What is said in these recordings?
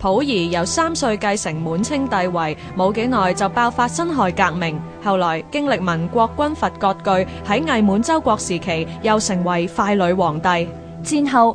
溥儀由三歲繼承滿清帝位，冇幾耐就爆發辛亥革命，後來經歷民國軍閥割據，喺偽滿洲國時期又成為傀儡皇帝，戰後，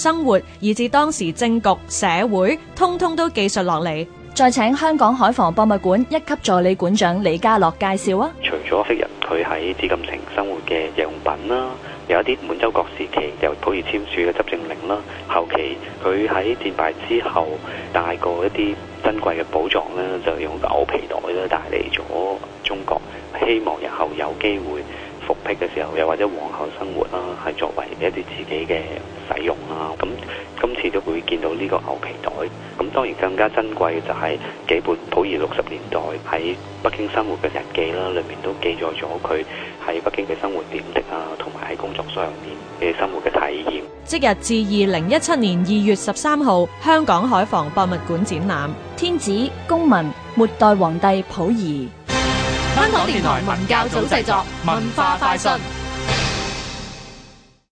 生活，以至當時政局、社會，通通都記述落嚟。再請香港海防博物館一級助理館長李家樂介紹啊。除咗昔日佢喺紫禁城生活嘅日用品啦，有一啲滿洲國時期由溥儀簽署嘅執政令啦，後期佢喺戰敗之後帶過一啲珍貴嘅寶藏咧，就用牛皮袋咧帶嚟咗中國，希望日後有機會。復辟嘅時候，又或者往後生活啦，係作為一啲自己嘅使用啦。咁今次都會見到呢個牛皮袋。咁當然更加珍貴嘅就係幾本溥儀六十年代喺北京生活嘅日記啦，裏面都記載咗佢喺北京嘅生活點滴啊，同埋喺工作上面嘅生活嘅體驗。即日至二零一七年二月十三號，香港海防博物館展覽《天子公民末代皇帝溥儀》普。香港電台文教組製作《文化快訊》。